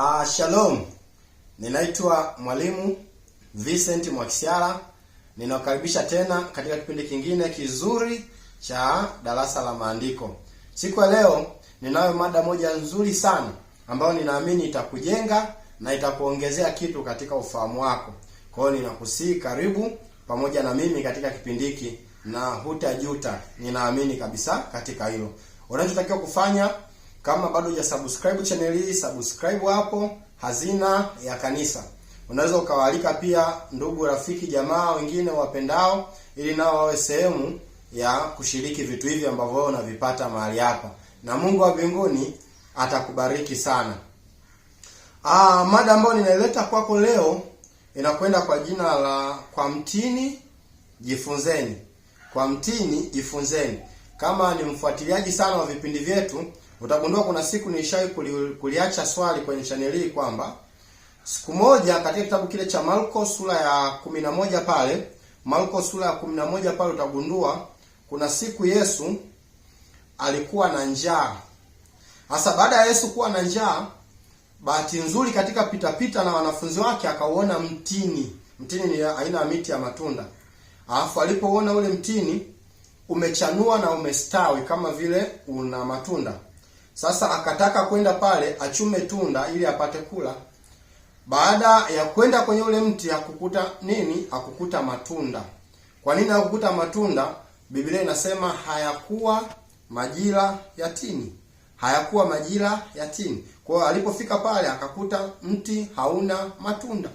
Ah, shalom. Ninaitwa Mwalimu Vincent Mwakisyala. ninakaribisha tena katika kipindi kingine kizuri cha darasa la maandiko. Siku ya leo ninayo mada moja nzuri sana ambayo ninaamini itakujenga na itakuongezea kitu katika ufahamu wako. Kwa hiyo ninakusii karibu pamoja na mimi katika kipindi hiki na hutajuta. Ninaamini kabisa katika hilo. Unachotakiwa kufanya kama bado hujasubscribe channel hii, subscribe hapo, Hazina ya Kanisa. Unaweza ukawaalika pia ndugu, rafiki, jamaa wengine wapendao, ili nao wawe sehemu ya kushiriki vitu hivi ambavyo wewe unavipata mahali hapa, na Mungu wa mbinguni atakubariki sana. Ah, mada ambayo ninaileta kwako leo inakwenda kwa jina la kwa mtini jifunzeni. Kwa mtini jifunzeni. Kama ni mfuatiliaji sana wa vipindi vyetu Utagundua kuna siku nishai kuli, kuliacha swali kwenye channel hii kwamba siku moja katika kitabu kile cha Marko sura ya 11 pale Marko sura ya 11 pale utagundua kuna siku Yesu alikuwa na njaa. Hasa baada ya Yesu kuwa na njaa, bahati nzuri katika pita -pita na wanafunzi wake akauona mtini. Mtini ni aina ya miti ya matunda. Alafu alipouona ule mtini umechanua na umestawi kama vile una matunda sasa akataka kwenda pale achume tunda ili apate kula. Baada ya kwenda kwenye ule mti akukuta nini? akukuta matunda. Kwa nini akukuta matunda? Biblia inasema hayakuwa majira ya tini, hayakuwa majira ya tini. Kwa hiyo alipofika pale akakuta mti hauna matunda.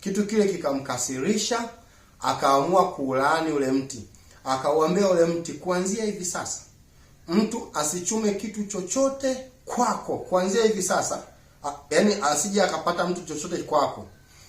Kitu kile kikamkasirisha, akaamua kuulaani ule mti, akauambia ule mti, kuanzia hivi sasa mtu asichume kitu chochote kwako kuanzia hivi sasa, yaani asije akapata mtu chochote kwako,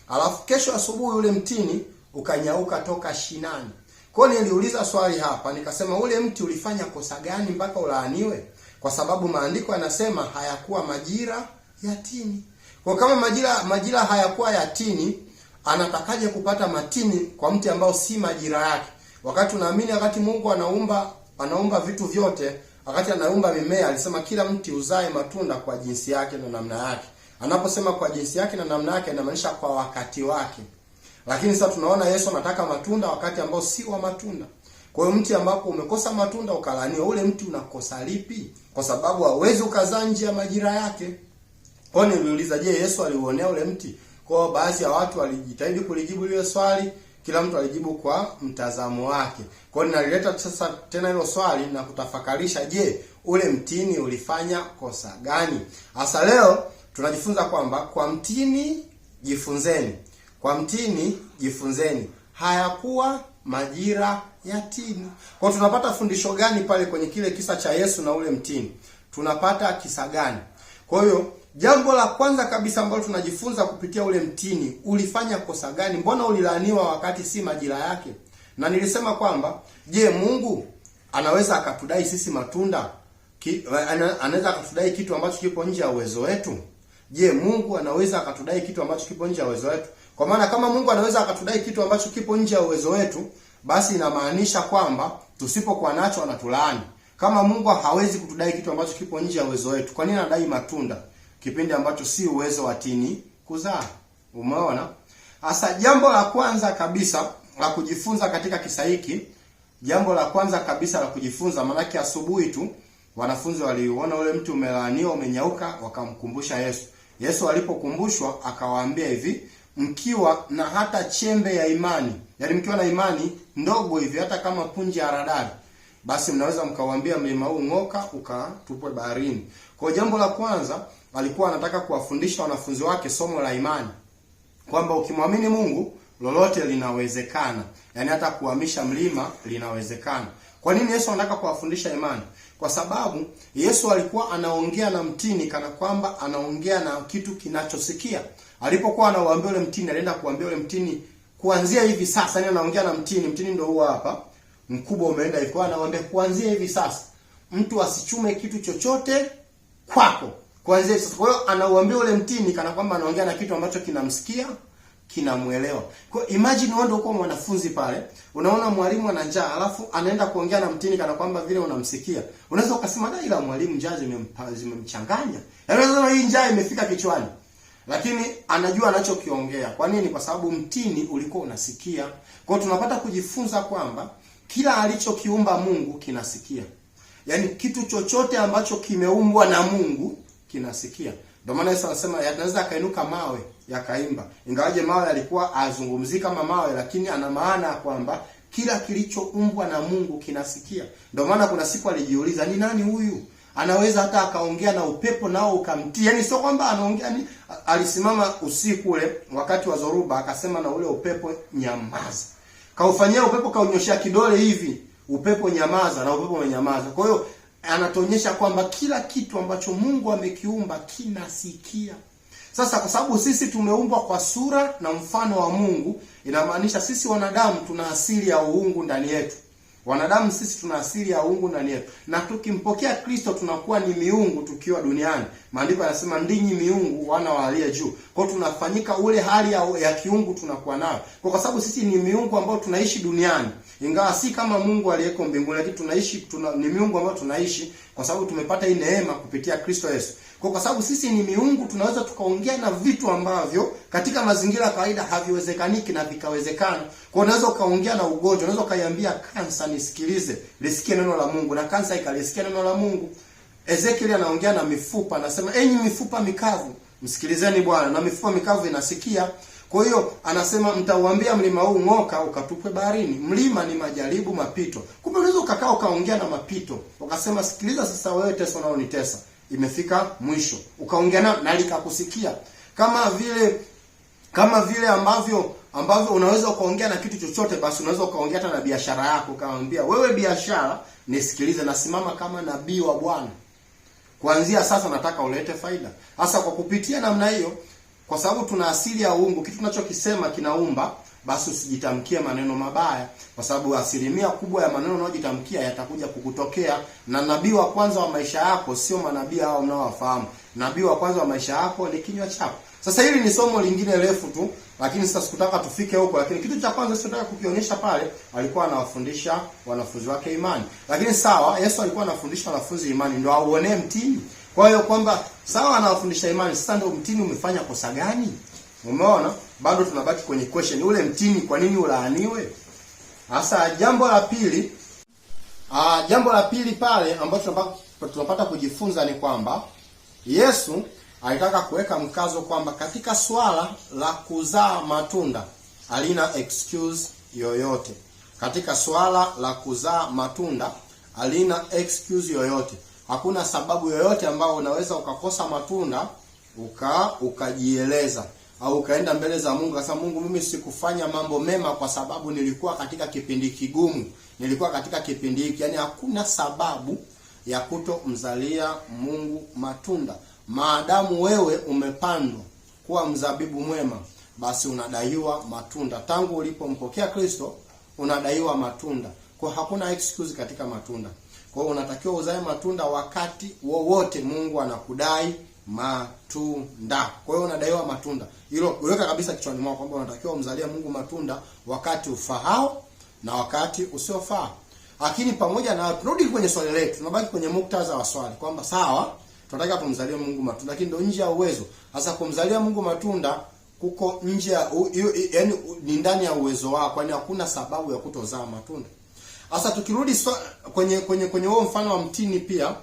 alafu kesho asubuhi ule mtini ukanyauka toka shinani. Kwa hiyo niliuliza swali hapa nikasema, ule mti ulifanya kosa gani mpaka ulaaniwe? Kwa sababu maandiko yanasema hayakuwa majira ya tini. Kwa kama majira majira hayakuwa ya tini, anatakaje kupata matini kwa mti ambao si majira yake? Wakati unaamini wakati Mungu anaumba anaumba vitu vyote Wakati anaumba mimea alisema kila mti uzae matunda kwa jinsi yake na namna yake. Anaposema kwa jinsi yake na namna yake, inamaanisha kwa wakati wake. Lakini sasa tunaona Yesu anataka matunda wakati ambao si wa matunda. Kwa hiyo mti ambapo umekosa matunda ukalaniwa ule mti unakosa lipi? Kwa sababu hauwezi ukazaa nje ya majira yake. Kwa niliuliza, je, Yesu aliuonea ule mti? Kwa baadhi ya watu walijitahidi kulijibu lile swali kila mtu alijibu kwa mtazamo wake. Kwa hiyo nalileta sasa tena hilo swali na kutafakarisha, je, ule mtini ulifanya kosa gani? Hasa leo tunajifunza kwamba kwa mtini jifunzeni, kwa mtini jifunzeni, hayakuwa majira ya tini. Kwa hiyo tunapata fundisho gani pale kwenye kile kisa cha Yesu na ule mtini? Tunapata kisa gani? Kwa hiyo Jambo la kwanza kabisa ambalo tunajifunza kupitia ule mtini, ulifanya kosa gani? Mbona ulilaaniwa wakati si majira yake? Na nilisema kwamba je, Mungu anaweza akatudai sisi matunda? ki, ana, Anaweza akatudai kitu ambacho kipo nje ya uwezo wetu? Je, Mungu anaweza akatudai kitu ambacho kipo nje ya uwezo wetu? Kwa maana kama Mungu anaweza akatudai kitu ambacho kipo nje ya uwezo wetu, basi inamaanisha kwamba tusipokuwa nacho anatulaani. Kama Mungu hawezi kutudai kitu ambacho kipo nje ya uwezo wetu, kwa nini anadai matunda? kipindi ambacho si uwezo wa tini kuzaa. Umeona? hasa jambo la kwanza kabisa la kujifunza katika kisa hiki, jambo la kwanza kabisa la kujifunza, maanake asubuhi tu wanafunzi waliuona ule mtu umelaaniwa, umenyauka, wakamkumbusha Yesu. Yesu alipokumbushwa akawaambia hivi, mkiwa na hata chembe ya imani, yaani mkiwa na imani ndogo hivi, hata kama punje ya haradali, basi mnaweza mkauambia mlima huu ng'oka, ukatupwe baharini. Kwa jambo la kwanza alikuwa anataka kuwafundisha wanafunzi wake somo la imani kwamba ukimwamini Mungu lolote linawezekana, yaani hata kuhamisha mlima linawezekana. Kwa nini Yesu anataka kuwafundisha imani? Kwa sababu Yesu alikuwa anaongea na mtini kana kwamba anaongea na kitu kinachosikia. Alipokuwa anawaambia yule mtini, alienda kuambia yule mtini kuanzia hivi sasa, yaani anaongea na mtini, mtini ndio huwa hapa mkubwa umeenda iko, anawaambia kuanzia hivi sasa mtu asichume kitu chochote kwako kuanzia sasa. Kwa hiyo anauambia ule mtini kana kwamba anaongea na kitu ambacho kinamsikia kinamuelewa. Kwa imagine wewe ndio uko mwanafunzi pale, unaona mwalimu ana njaa, alafu anaenda kuongea na mtini kana kwamba vile unamsikia. Unaweza ukasema dai la mwalimu njaa zimemchanganya. Yaani unaweza hii njaa imefika kichwani. Lakini anajua anachokiongea. Kwa nini? Kwa sababu mtini ulikuwa unasikia. Kwa hiyo tunapata kujifunza kwamba kila alichokiumba Mungu kinasikia. Yaani kitu chochote ambacho kimeumbwa na Mungu kinasikia. Ndio maana Yesu anasema yanaweza akainuka mawe yakaimba, ingawaje mawe yalikuwa azungumzi kama mawe, lakini ana maana ya kwamba kila kilichoumbwa na Mungu kinasikia. Ndio maana kuna siku alijiuliza, ni nani huyu anaweza hata akaongea na upepo nao ukamtii. Yani sio kwamba anaongea ni alisimama usiku ule wakati wa zoruba akasema na ule upepo nyamaza. Kaufanyia upepo kaunyoshia kidole hivi, upepo nyamaza na upepo umenyamaza. Kwa hiyo anatuonyesha kwamba kila kitu ambacho Mungu amekiumba kinasikia. Sasa kwa sababu sisi tumeumbwa kwa sura na mfano wa Mungu, inamaanisha sisi wanadamu tuna asili ya uungu ndani yetu. Wanadamu sisi tuna asili ya uungu ndani yetu, na tukimpokea Kristo tunakuwa ni miungu tukiwa duniani. Maandiko yanasema ndinyi miungu wana wa aliye juu, kwao tunafanyika ule hali ya, ya kiungu tunakuwa nayo, kwa sababu sisi ni miungu ambao tunaishi duniani ingawa si kama Mungu aliyeko mbinguni, lakini tunaishi tuna, ni miungu ambayo tunaishi kwa sababu tumepata hii neema kupitia Kristo Yesu. Kwa kwa sababu sisi ni miungu, tunaweza tukaongea na vitu ambavyo katika mazingira ya kawaida haviwezekaniki na vikawezekana. Kwa unaweza ukaongea na ugonjwa, unaweza ukaiambia kansa, nisikilize, lisikie neno la Mungu, na kansa ikalisikia neno la Mungu. Ezekiel anaongea na mifupa, anasema enyi mifupa mikavu, msikilizeni Bwana, na mifupa mikavu inasikia. Kwa hiyo anasema mtauambia mlima huu ng'oka ukatupwe baharini. Mlima ni majaribu, mapito. Kumbe unaweza ukakaa ukaongea na mapito ukasema, sikiliza sasa, wewe Tesa unaonitesa, imefika mwisho, ukaongea nao na likakusikia, kama vile kama vile ambavyo ambavyo unaweza ukaongea na kitu chochote, basi unaweza ukaongea hata na biashara yako, ukamwambia wewe biashara, nisikilize, nasimama kama nabii wa Bwana, kuanzia sasa nataka ulete faida. Sasa kwa kupitia namna hiyo kwa sababu tuna asili ya uungu, kitu tunachokisema kinaumba, basi usijitamkie maneno mabaya, kwa sababu asilimia kubwa ya maneno unayojitamkia yatakuja kukutokea. Na nabii wa kwanza wa maisha yako sio manabii hao mnaowafahamu. Nabii wa kwanza wa maisha yako ni kinywa chako. Sasa hili ni somo lingine refu tu, lakini sasa sikutaka tufike huko, lakini kitu cha kwanza sitaka kukionyesha pale, alikuwa anawafundisha wanafunzi wake imani. Lakini sawa, Yesu alikuwa anafundisha wanafunzi imani, ndio auonee mtini kwa hiyo kwamba sawa, anawafundisha imani. Sasa ndio mtini umefanya kosa gani? Umeona, bado tunabaki kwenye question, ule mtini kwa nini ulaaniwe? Sasa jambo la pili, ah, jambo la pili pale ambacho tunapata kujifunza ni kwamba Yesu alitaka kuweka mkazo kwamba katika swala la kuzaa matunda alina excuse yoyote. Katika swala la kuzaa matunda alina excuse yoyote hakuna sababu yoyote ambayo unaweza ukakosa matunda uka ukajieleza au ukaenda mbele za Mungu sasa, Mungu, mimi sikufanya mambo mema kwa sababu nilikuwa katika kipindi kigumu, nilikuwa katika kipindi hiki. Yani hakuna sababu ya kutomzalia Mungu matunda. Maadamu wewe umepandwa kuwa mzabibu mwema, basi unadaiwa matunda. Tangu ulipompokea Kristo, unadaiwa matunda, kwa hakuna excuse katika matunda. Kwa hiyo unatakiwa uzae matunda wakati wowote Mungu anakudai matunda. Kwa hiyo unadaiwa matunda. Hilo uweka kabisa kichwani mwako kwamba unatakiwa umzalie Mungu matunda wakati ufahao na wakati usiofaa. Lakini pamoja na tunarudi kwenye swali letu, tunabaki kwenye muktadha wa swali kwamba sawa, tunataka tumzalie Mungu matunda lakini ndio nje ya uwezo. Sasa kumzalia Mungu matunda kuko nje ya yaani ni ndani ya uwezo wako, yaani hakuna sababu ya kutozaa matunda. Sasa tukirudi so, kwenye kwenye kwenye huo mfano wa mtini, pia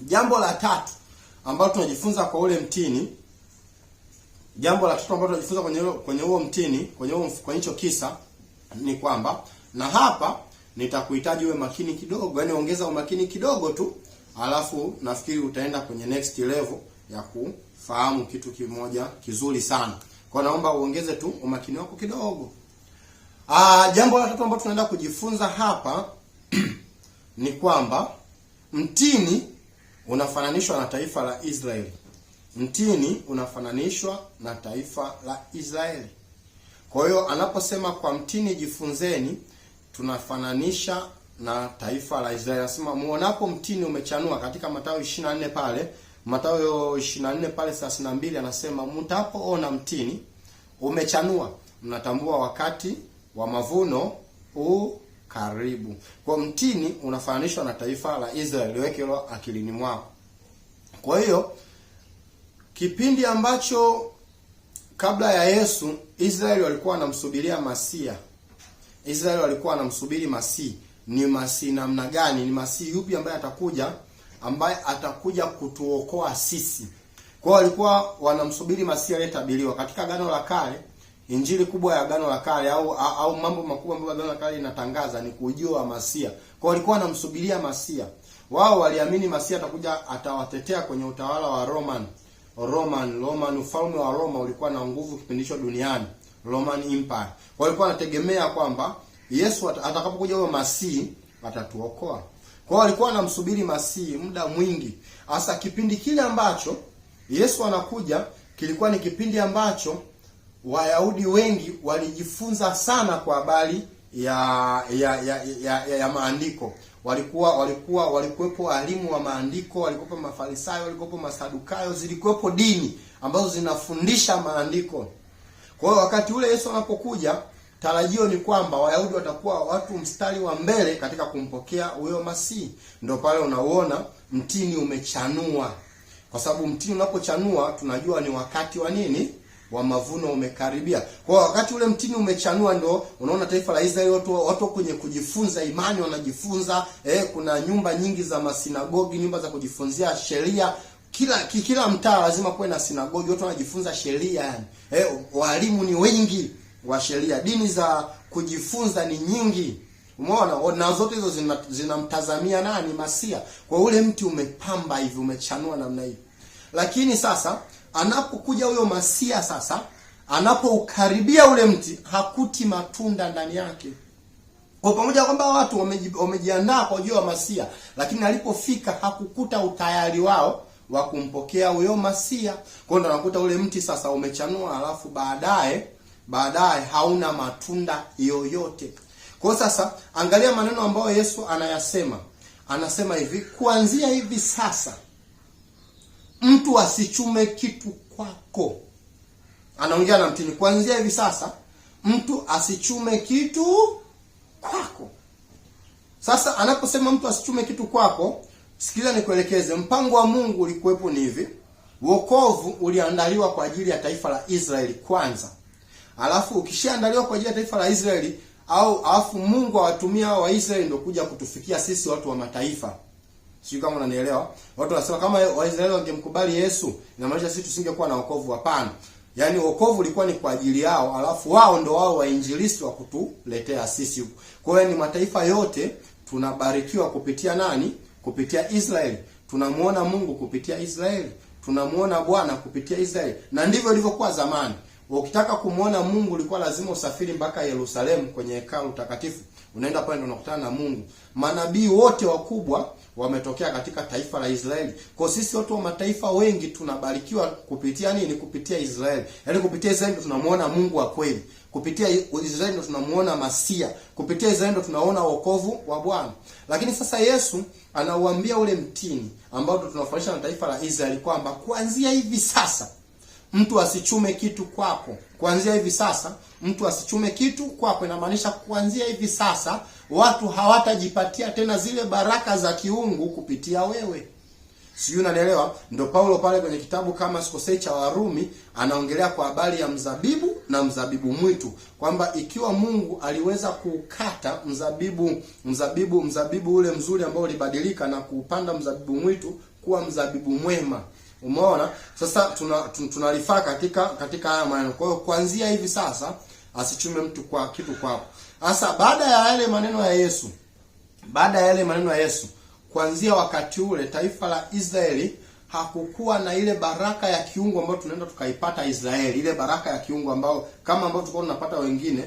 jambo la tatu ambalo tunajifunza kwa ule mtini, jambo la tatu ambalo tunajifunza kwenye kwenye huo mtini, kwenye huo kwenye hicho kisa ni kwamba, na hapa nitakuhitaji uwe makini kidogo, yani ongeza umakini kidogo tu, alafu nafikiri utaenda kwenye next level ya kufahamu kitu kimoja kizuri sana. Kwa naomba uongeze tu umakini wako kidogo. Ah, jambo la tatu ambalo tunaenda kujifunza hapa ni kwamba mtini unafananishwa na taifa la Israeli. Mtini unafananishwa na taifa la Israeli. Kwa hiyo anaposema kwa mtini jifunzeni, tunafananisha na taifa la Israeli. Anasema muonapo mtini umechanua, katika Mathayo 24 pale, Mathayo 24 pale 32 anasema mtapoona mtini umechanua, mnatambua wakati wa mavuno u karibu. Kwa mtini unafananishwa na taifa la Israeli, wekelo akilini mwako. Kwa hiyo kipindi ambacho kabla ya Yesu Israeli walikuwa wanamsubiria Masia, Israeli walikuwa wanamsubiri Masii. Ni Masii namna gani? Ni Masii yupi ambaye atakuja, ambaye atakuja kutuokoa sisi? Kwa hiyo walikuwa wanamsubiri Masii aliyetabiriwa katika Agano la Kale. Injili kubwa ya Agano la Kale au au mambo makubwa ambayo Agano la Kale inatangaza ni kujua wa Masia. Kwa walikuwa wanamsubiria Masia. Wao waliamini Masia atakuja atawatetea kwenye utawala wa Roman. Roman, Roman ufalme wa Roma ulikuwa na nguvu kipindisho duniani. Roman Empire. Kwa walikuwa wanategemea kwamba Yesu atakapokuja huyo masii atatuokoa. Kwa walikuwa wanamsubiri masii muda mwingi. Hasa kipindi kile ambacho Yesu anakuja kilikuwa ni kipindi ambacho Wayahudi wengi walijifunza sana kwa habari ya ya, ya, ya, ya, ya maandiko. Walikuwa walikuwa walikuwepo walimu wa maandiko, walikuwepo Mafarisayo, walikuwepo Masadukayo, zilikuwepo dini ambazo zinafundisha maandiko. Kwa hiyo wakati ule Yesu anapokuja, tarajio ni kwamba Wayahudi watakuwa watu mstari wa mbele katika kumpokea huyo Masihi. Ndio pale unauona mtini umechanua, kwa sababu mtini unapochanua tunajua ni wakati wa nini wa mavuno umekaribia. Kwa wakati ule mtini umechanua, ndo unaona taifa la Israeli watu watu kwenye kujifunza imani wanajifunza. Eh, kuna nyumba nyingi za masinagogi, nyumba za kujifunzia sheria kila kila mtaa lazima kuwe na sinagogi, watu wanajifunza sheria yani. Eh, walimu ni wengi wa sheria, dini za kujifunza ni nyingi, umeona, na zote hizo zinamtazamia zina nani? Masia. Kwa ule mti umepamba hivi, umechanua namna hii, lakini sasa Anapokuja huyo masia sasa, anapoukaribia ule mti hakuti matunda ndani yake. Kwa pamoja kwamba watu wamejiandaa kwa ujio wa masia, lakini alipofika hakukuta utayari wao wa kumpokea huyo masia. Kwa hiyo anakuta ule mti sasa umechanua, alafu baadaye baadaye hauna matunda yoyote. Kwa sasa angalia maneno ambayo Yesu anayasema, anasema hivi, kuanzia hivi sasa mtu asichume kitu kwako. Anaongea na mtini, kuanzia hivi sasa mtu asichume kitu kwako. Sasa anaposema mtu asichume kitu kwako, sikiliza nikuelekeze. Mpango wa Mungu ulikuwepo ni hivi: wokovu uliandaliwa kwa ajili ya taifa la Israeli kwanza, alafu ukishaandaliwa kwa ajili ya taifa la Israeli au alafu Mungu awatumia wa Waisraeli ndio kuja kutufikia sisi watu wa mataifa. Sijui kama unanielewa. Watu wanasema kama Waisraeli wangemkubali Yesu, inamaanisha sisi tusingekuwa na wokovu. Hapana. Yaani wokovu ulikuwa ni kwa ajili yao, alafu wao ndo wao wainjilisti wa kutuletea sisi. huko. Kwa hiyo ni mataifa yote tunabarikiwa kupitia nani? Kupitia Israeli. Tunamuona Mungu kupitia Israeli. Tunamuona Bwana kupitia Israeli. Na ndivyo ilivyokuwa zamani. Ukitaka kumuona Mungu ulikuwa lazima usafiri mpaka Yerusalemu kwenye hekalu takatifu. Unaenda pale ndo unakutana na Mungu. Manabii wote wakubwa wametokea katika taifa la Israeli. Kwa sisi watu wa mataifa wengi tunabarikiwa kupitia nini? Kupitia Israeli. Yaani kupitia Israeli tunamuona Mungu wa kweli. Kupitia Israeli tunamuona Masia. Kupitia Israeli tunaona wokovu wa Bwana. Lakini sasa Yesu anauambia ule mtini ambao tunafundisha na taifa la Israeli kwamba kuanzia hivi sasa mtu asichume kitu kwako kuanzia hivi sasa mtu asichume kitu kwako. Inamaanisha kuanzia hivi sasa watu hawatajipatia tena zile baraka za kiungu kupitia wewe. Sijui unanielewa? Ndio Paulo pale kwenye kitabu kama sikosei cha Warumi anaongelea kwa habari ya mzabibu na mzabibu mwitu, kwamba ikiwa Mungu aliweza kuukata mzabibu mzabibu mzabibu ule mzuri ambao ulibadilika na kuupanda mzabibu mwitu kuwa mzabibu mwema Umeona? Sasa tuna, tuna, tunalifaa katika katika haya maneno. Kwa hiyo kuanzia hivi sasa asichume mtu kwa kitu kwa hapo. Sasa baada ya yale maneno ya Yesu, baada ya yale maneno ya Yesu, kuanzia wakati ule taifa la Israeli hakukuwa na ile baraka ya kiungo ambayo tunaenda tukaipata Israeli, ile baraka ya kiungo ambayo kama ambao tulikuwa tunapata wengine,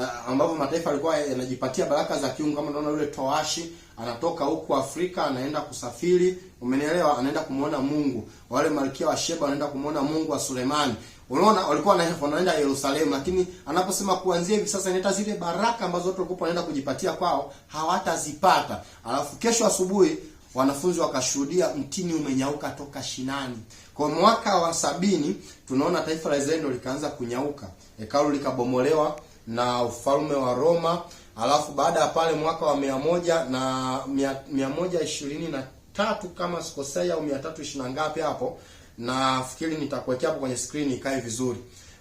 eh, ambapo mataifa yalikuwa yanajipatia baraka za kiungo, kama tunaona yule toashi anatoka huku Afrika anaenda kusafiri, umenielewa, anaenda kumuona Mungu. Wale malkia wa Sheba wanaenda kumuona Mungu wa Sulemani. Unaona, walikuwa wanaenda Yerusalemu, lakini anaposema kuanzia hivi sasa inaita zile baraka ambazo watu walikuwa wanaenda kujipatia kwao hawatazipata. Alafu kesho asubuhi wanafunzi wakashuhudia mtini umenyauka toka shinani. Kwa mwaka wa sabini tunaona taifa la Israeli likaanza kunyauka, hekalu likabomolewa na ufalme wa Roma alafu baada ya pale mwaka wa mia moja na mia, mia moja ishirini na tatu kama sikosei au mia tatu ishirini na ngapi hapo, nafikiri nitakuwekea hapo kwenye screen ikae vizuri.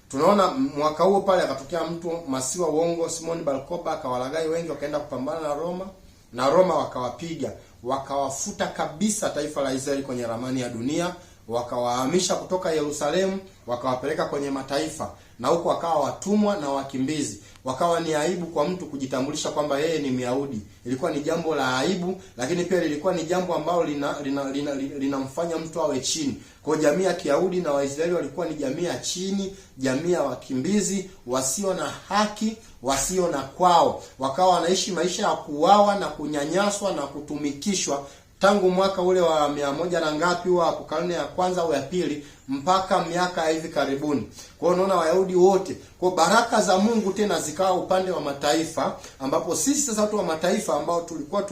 Tunaona mwaka huo pale akatokea mtu Masiwa uongo Simon Balkoba akawalagai wengi, wakaenda kupambana na Roma na Roma wakawapiga, wakawafuta kabisa taifa la Israeli kwenye ramani ya dunia, wakawahamisha kutoka Yerusalemu, wakawapeleka kwenye mataifa, na huko wakawa watumwa na wakimbizi wakawa ni aibu kwa mtu kujitambulisha kwamba yeye ni Myahudi. Ilikuwa ni jambo la aibu, lakini pia lilikuwa ni jambo ambalo linamfanya lina, lina, lina, lina mtu awe chini. Kwa jamii ya Kiyahudi na Waisraeli walikuwa ni jamii ya chini, jamii ya wakimbizi, wasio na haki, wasio na kwao, wakawa wanaishi maisha ya kuwawa na kunyanyaswa na kutumikishwa tangu mwaka ule wa mia moja na ngapi wa karne ya kwanza au ya pili mpaka miaka hivi karibuni. Kwa hiyo unaona Wayahudi wote, kwa baraka za Mungu tena zikawa upande wa mataifa, ambapo sisi sasa watu wa mataifa ambao tulikuwa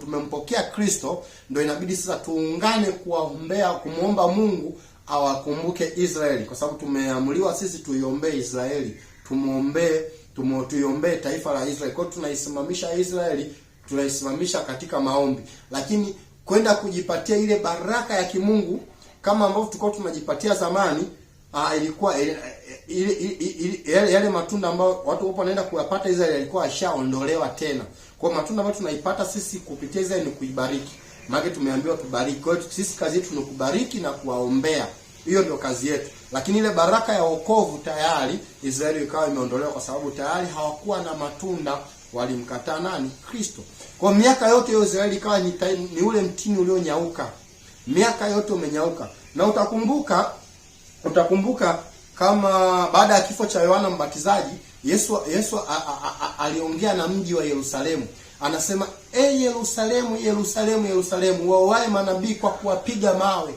tumempokea tume Kristo, ndio inabidi sasa tuungane kuwaombea, kumwomba Mungu awakumbuke Israeli, kwa sababu tumeamuliwa sisi tuiombee Israeli, tumuombee tuiombee taifa la Israeli. Kwa hiyo tunaisimamisha Israeli, tunaisimamisha katika maombi, lakini kwenda kujipatia ile baraka ya kimungu kama ambavyo tulikuwa tunajipatia zamani. Aa, ah, ilikuwa eh, eh, yale matunda ambayo watu wapo wanaenda kuyapata Israeli yalikuwa yashaondolewa tena. Kwa matunda ambayo tunaipata sisi kupitia Israeli ni kuibariki. Maana tumeambiwa kubariki. Kwa hiyo sisi kazi yetu ni kubariki na kuwaombea. Hiyo ndio kazi yetu. Lakini ile baraka ya wokovu tayari Israeli ikawa imeondolewa kwa sababu tayari hawakuwa na matunda, walimkataa nani? Kristo. Kwa miaka yote hiyo Israeli ikawa ni, ni ule mtini ulionyauka. Miaka yote umenyauka na utakumbuka utakumbuka kama baada ya kifo cha Yohana Mbatizaji, Yesu Yesu aliongea na mji wa Yerusalemu, anasema e Yerusalemu, Yerusalemu, Yerusalemu, wawae manabii kwa kuwapiga mawe.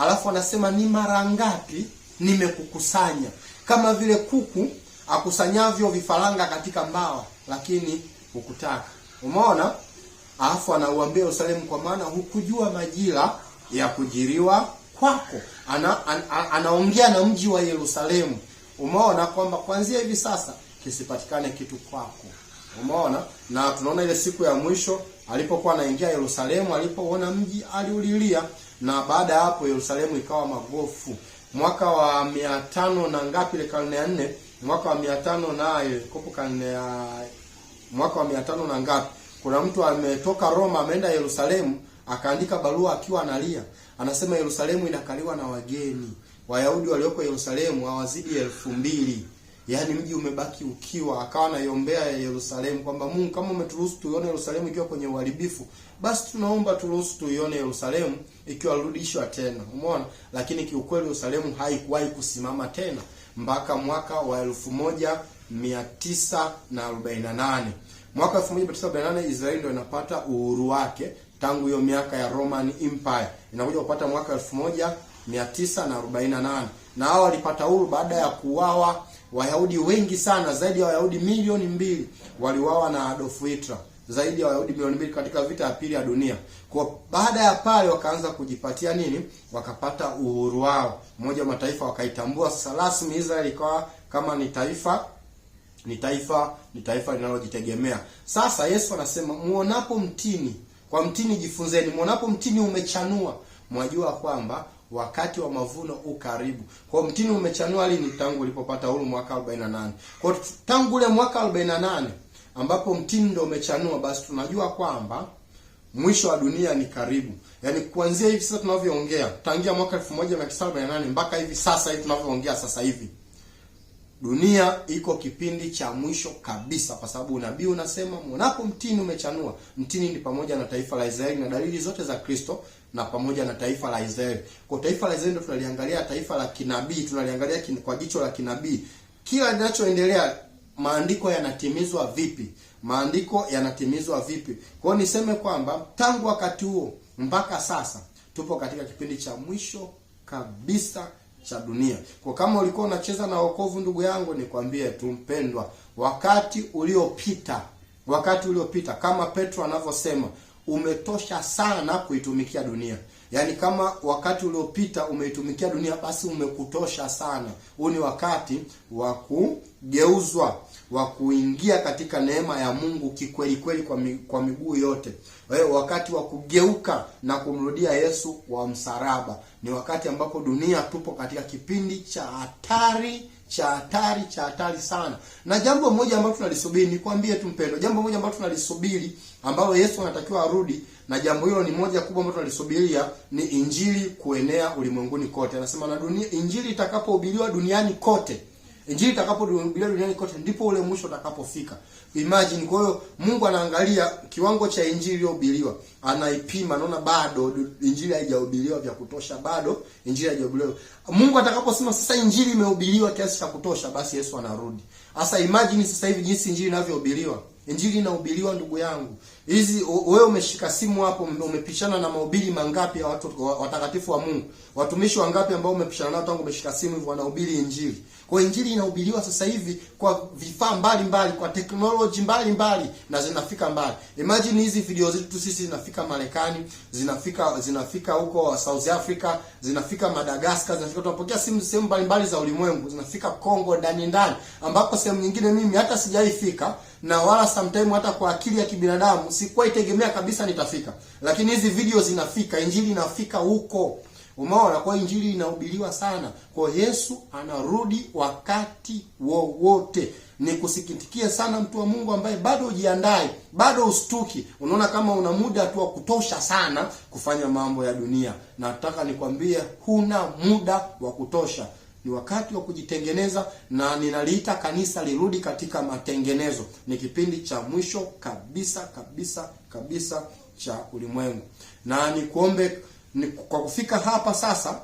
Alafu anasema ni mara ngapi nimekukusanya kama vile kuku akusanyavyo vifaranga katika mbawa, lakini hukutaka. Umeona? Alafu anauambia Yerusalemu, kwa maana hukujua majira ya kujiriwa kwako. Ana, an, anaongea na mji wa Yerusalemu. Umeona kwamba kuanzia hivi sasa kisipatikane kitu kwako. Umeona? Na tunaona ile siku ya mwisho alipokuwa anaingia Yerusalemu, alipoona mji aliulilia, na baada ya hapo Yerusalemu ikawa magofu. Mwaka wa mia tano na ngapi, ile karne ya nne, mwaka wa mia tano na kopo karne ya mwaka wa mia tano na ngapi, kuna mtu ametoka Roma ameenda Yerusalemu akaandika barua akiwa analia, anasema Yerusalemu inakaliwa na wageni, Wayahudi walioko Yerusalemu hawazidi elfu mbili yaani mji umebaki ukiwa. Akawa anaiombea Yerusalemu kwamba Mungu, kama umeturuhusu tuione Yerusalemu ikiwa kwenye uharibifu, basi tunaomba turuhusu tuione Yerusalemu ikiwa rudishwa tena, umeona. Lakini kiukweli Yerusalemu haikuwahi kusimama tena mpaka mwaka wa 1948 mwaka 1948 Israeli ndio inapata uhuru wake tangu hiyo miaka ya Roman Empire, inakuja kupata mwaka 1948 na hao walipata uhuru baada ya kuuawa Wayahudi wengi sana, zaidi ya Wayahudi milioni mbili waliuawa na Adolf Hitler, zaidi ya Wayahudi milioni mbili katika vita ya pili ya dunia. Kwa baada ya pale wakaanza kujipatia nini? Wakapata uhuru wao. mmoja wa Mataifa wakaitambua sasa rasmi Israeli ikawa kama ni taifa ni taifa ni taifa linalojitegemea. Sasa Yesu anasema muonapo mtini kwa mtini jifunzeni, mwonapo mtini umechanua mwajua kwamba wakati wa mavuno u karibu. Kwa mtini umechanua lini? Tangu ulipopata huru mwaka 48. Kwa tangu ule mwaka 48 ambapo mtini ndio umechanua, basi tunajua kwamba mwisho wa dunia ni karibu. Yaani kuanzia hivi sasa tunavyoongea, tangia mwaka 1948 mpaka hivi sasa hivi tunavyoongea sasa hivi dunia iko kipindi cha mwisho kabisa, kwa sababu unabii unasema mwonapo mtini umechanua. Mtini ni pamoja na taifa la Israeli na dalili zote za Kristo na pamoja na taifa la Israeli. Kwa taifa la Israeli tunaliangalia, taifa la kinabii tunaliangalia kin, kwa jicho la kinabii. Kila kinachoendelea maandiko yanatimizwa vipi? Maandiko yanatimizwa vipi? Kwa niseme kwamba tangu wakati huo mpaka sasa tupo katika kipindi cha mwisho kabisa cha dunia. Kwa kama ulikuwa unacheza na wokovu, ndugu yangu, nikwambie tu mpendwa, wakati uliopita, wakati uliopita, kama Petro anavyosema, umetosha sana kuitumikia dunia. Yaani, kama wakati uliopita umeitumikia dunia, basi umekutosha sana. Huu ni wakati wa kugeuzwa wa kuingia katika neema ya Mungu kikweli kweli kwa, mi, kwa miguu yote. Wewe wakati wa kugeuka na kumrudia Yesu wa msaraba ni wakati ambapo dunia tupo katika kipindi cha hatari cha hatari cha hatari sana. Na jambo moja ambalo tunalisubiri, nikwambie tu mpendo, jambo moja ambalo tunalisubiri ambalo Yesu anatakiwa arudi, na jambo hilo ni moja kubwa ambalo tunalisubiria ni injili kuenea ulimwenguni kote. Anasema na dunia, injili itakapohubiriwa duniani kote Injili itakapohubiriwa duniani kote ndipo ule mwisho utakapofika. Imagine, kwa hiyo Mungu anaangalia kiwango cha injili iliyohubiriwa, anaipima, anaona bado injili haijahubiriwa vya kutosha, bado injili haijahubiriwa. Mungu atakaposema sasa injili imehubiriwa kiasi cha kutosha, basi Yesu anarudi. Sasa imagine sasa hivi jinsi injili inavyohubiriwa. Injili inahubiriwa ndugu yangu hizi wewe umeshika simu hapo, umepishana na mahubiri mangapi ya watu watakatifu wa Mungu, watumishi wangapi ambao umepishana nao tangu umeshika simu hivyo, wanahubiri injili. Kwa injili inahubiriwa sasa hivi kwa vifaa mbalimbali, kwa teknoloji mbalimbali, na zinafika mbali. Imagine hizi video zetu sisi zinafika Marekani, zinafika zinafika huko South Africa, zinafika Madagascar, zinafika, tunapokea simu sehemu mbalimbali za ulimwengu, zinafika Kongo ndani ndani, ambapo sehemu nyingine mimi hata sijaifika na wala sometime hata kwa akili ya kibinadamu sikuwa itegemea kabisa nitafika, lakini hizi video zinafika, injili inafika huko. Umeona, kwa injili inahubiliwa sana. Kwa Yesu anarudi wakati wowote. Ni kusikitikia sana mtu wa Mungu ambaye bado ujiandae, bado ustuki, unaona kama una muda tu wa kutosha sana kufanya mambo ya dunia. Nataka nikwambie huna muda wa kutosha ni wakati wa kujitengeneza, na ninaliita kanisa lirudi katika matengenezo. Ni kipindi cha mwisho kabisa kabisa kabisa cha ulimwengu, na nikuombe ni, kwa kufika hapa sasa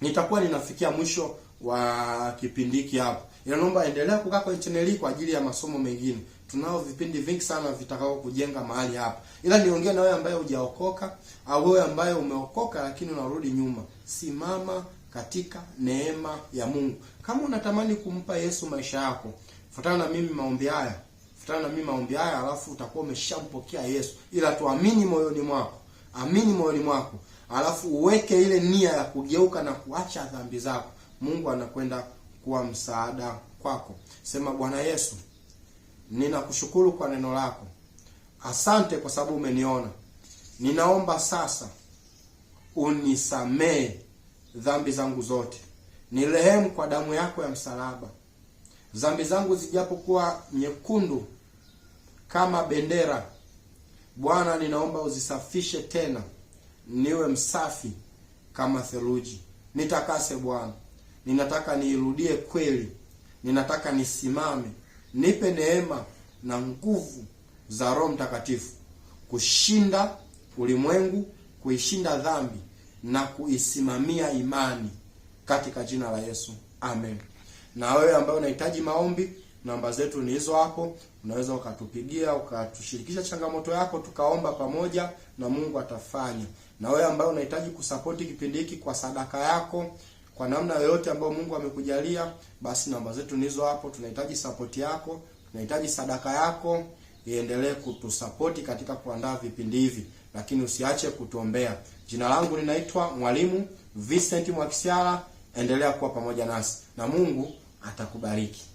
nitakuwa ninafikia mwisho wa kipindi hiki hapa, ila naomba endelea kukaa kwenye channel hii kwa ajili ya masomo mengine. Tunao vipindi vingi sana vitakao kujenga mahali hapa, ila niongee na wewe ambaye hujaokoka au wewe ambaye umeokoka lakini unarudi nyuma, simama katika neema ya Mungu. Kama unatamani kumpa Yesu maisha yako, fuatana na mimi maombi haya, fuatana na mimi maombi haya, alafu utakuwa umeshampokea Yesu, ila tuamini moyoni mwako, amini moyoni mwako, alafu uweke ile nia ya kugeuka na kuacha dhambi zako. Mungu anakwenda kuwa msaada kwako. Sema, Bwana Yesu, ninakushukuru kwa neno lako, asante kwa sababu umeniona. Ninaomba sasa unisamehe dhambi zangu zote, nirehemu kwa damu yako ya msalaba. Dhambi zangu zijapokuwa nyekundu kama bendera, Bwana, ninaomba uzisafishe tena, niwe msafi kama theluji. Nitakase Bwana, ninataka niirudie kweli, ninataka nisimame. Nipe neema na nguvu za Roho Mtakatifu kushinda ulimwengu, kuishinda dhambi na kuisimamia imani katika jina la Yesu, amen. Na wewe ambaye unahitaji maombi, namba zetu ni hizo hapo, unaweza ukatupigia ukatushirikisha changamoto yako, tukaomba pamoja na Mungu atafanya. Na wewe ambaye unahitaji kusapoti kipindi hiki kwa sadaka yako kwa namna yoyote ambayo Mungu amekujalia, basi namba zetu ni hizo hapo. Tunahitaji sapoti yako, tunahitaji sadaka yako, iendelee kutusapoti katika kuandaa vipindi hivi lakini usiache kutuombea. Jina langu linaitwa Mwalimu Vincent mwakisiala Endelea kuwa pamoja nasi na Mungu atakubariki.